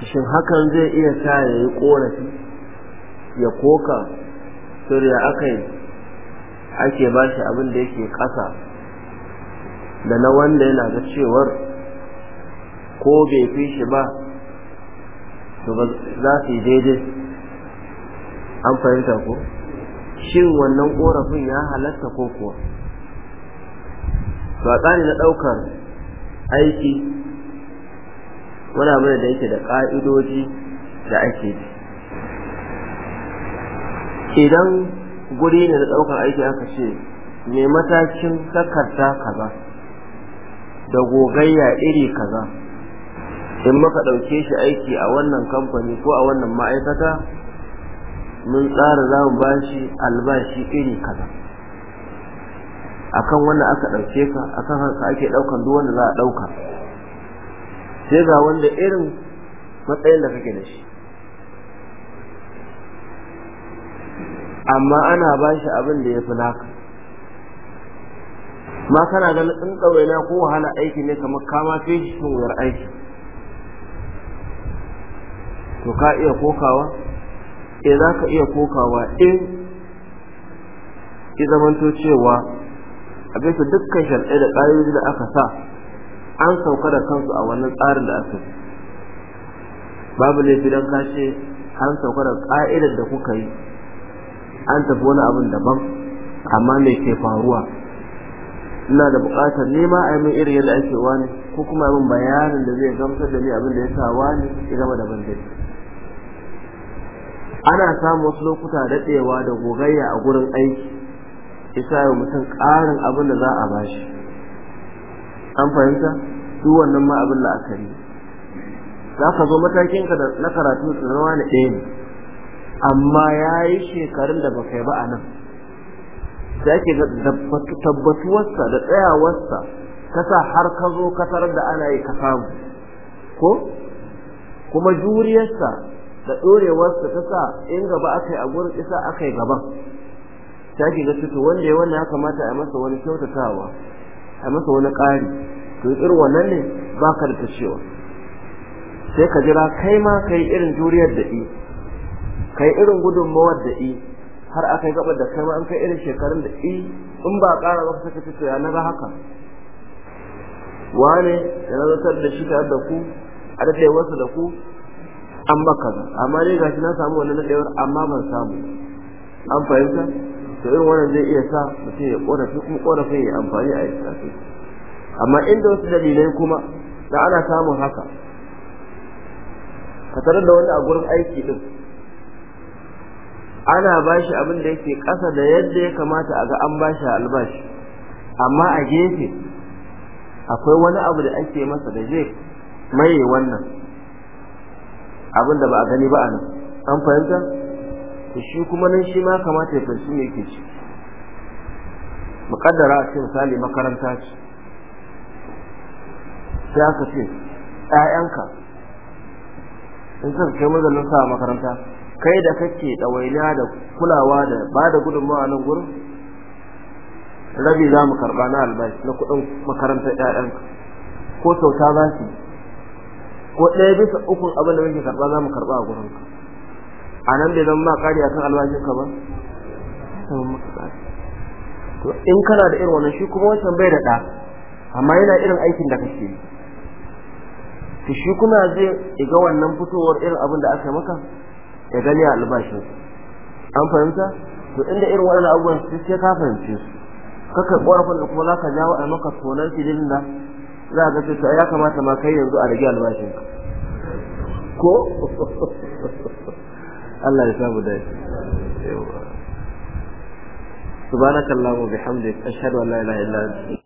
shin hakan zai iya sa ya yi ƙorafi ya koka suriya aka yi ake ba shi abin da yake ƙasa da na wanda yana da cewar ko bai fi shi ba to ba za su yi daidai an fahimta ko shin wannan ƙorafin ya halatta ko kuwa ba tsari na ɗaukar aiki wani abu da yake da ƙa'idoji da ake idan guri ne da ɗaukar aiki aka ce mai matakin takarda kaza da gogayya iri kaza in muka ɗauke shi aiki a wannan kamfani ko a wannan ma'aikata mun tsara za mu bashi albashi iri kaza akan wannan aka ɗauke ka akan haka ake ɗaukan duk wanda za a ɗauka sai ga wanda irin matsayin da kake da shi amma ana ba shi abin da ya fi naka ma kana ganin in ƙauyena ko wahala aiki ne kamar kama fi shi sun wuyar aiki to ka iya kokawa eh za ka iya kokawa in Ki zamanto cewa a bisa dukkan sharɗai da ƙayoyi da aka sa an sauka da kansu a wannan tsarin da aka babu laifi don kashe an sauka da ƙa'idar da kuka yi an tafi wani abin daban amma mai ke faruwa ina da bukatar nema a min irin yadda ake wani ko kuma min bayanin da zai gamsar da ni abin da ya sa wani ya gama daban dai ana samun wasu lokuta daɗewa da gogayya a gurin aiki isa yau mutum ƙarin abin da za a bashi an fahimta duk wannan ma abin la'akari za ka zo matakinka na karatu da rawa na ɗaya ne amma ya yi shekarun da ba kai ba a nan da ke tabbatuwarsa da tsayawarsa ta sa har ka zo kasar da ana yi ka samu ko kuma juriyarsa da ɗorewarsa ta sa in gaba aka yi a gurin isa aka yi gaban ta ke ga cutu wanda ya ya kamata a masa wani kyautatawa a masa wani ƙari to irin wannan ne ba ka da ta cewa sai ka jira kai ma ka yi irin juriyar da kai irin gudunmawar da i har aka yi gaba da kai ma an kai irin shekarun da i in ba ƙara ba saka ci to ya na haka wane da na zartar da shi tare da ku a wasu da ku an maka amma dai gashi na samu wannan daɗewar amma ban samu an fahimta to irin wannan zai iya sa mutum ya ƙorafi kuma ƙorafin ya amfani a yi amma inda wasu dalilai kuma da ana samun haka ka tarar da wani a gurin aiki din ana bashi abin da yake kasa da yadda ya kamata a ga an bashi albashi amma a gefe akwai wani abu da ake masa da zai mai wannan abin da ba a gani ba a nan an fahimta shi kuma nan shi ma kamata ya fahimci me yake ci muƙaddara a ce misali makaranta ce sai aka ce ‘ya'yanka in suka kai mazalin sa makaranta kai da kake ɗawainiya da kulawa da ba da gudunmawa nan gurin rabi za mu karɓa na albashi na kuɗin makarantar ƴaƴanka ko sauta za ki ko ɗaya bisa ukun abin da muke karɓa za mu karɓa a gurin a nan bai zama ma kari a kan ka ba to in kana da irin wannan shi kuma wancan bai da ɗa amma yana irin aikin da kake yi to shi kuma zai iga wannan fitowar irin abin da aka maka ya gani a albashinsu an fahimta to inda irin waɗannan abubuwan su sai ka fahimce su ka ƙorafin da kuma ka jawo a maka tonan filin da za ka ce ya kamata ma kai yanzu a rage albashinka ko Allah ya samu da سبحانك اللهم bihamdika ashhadu an la ilaha illa anta